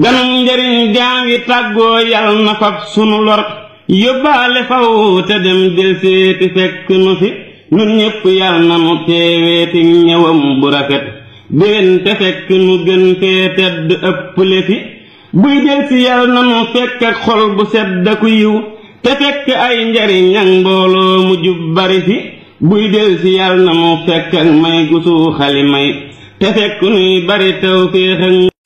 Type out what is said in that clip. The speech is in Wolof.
ganum njariñ gaa ngi tàggoo yal na fab sunu lor yóbbaale faw te dem del seeti fekk nu fi nun ñépp yal na nu teeweeti ñëwam bu rafet déwén te fekk nu gën fee tedd ëpple fi buy del si yal na nu fekk ak xol bu sedd ku yiw te fekk ay njariñ ak mbooloo mu jub bari fi buy del si yal na nu fekk ak may gusu xali may te fekk nuy bari taw féex ak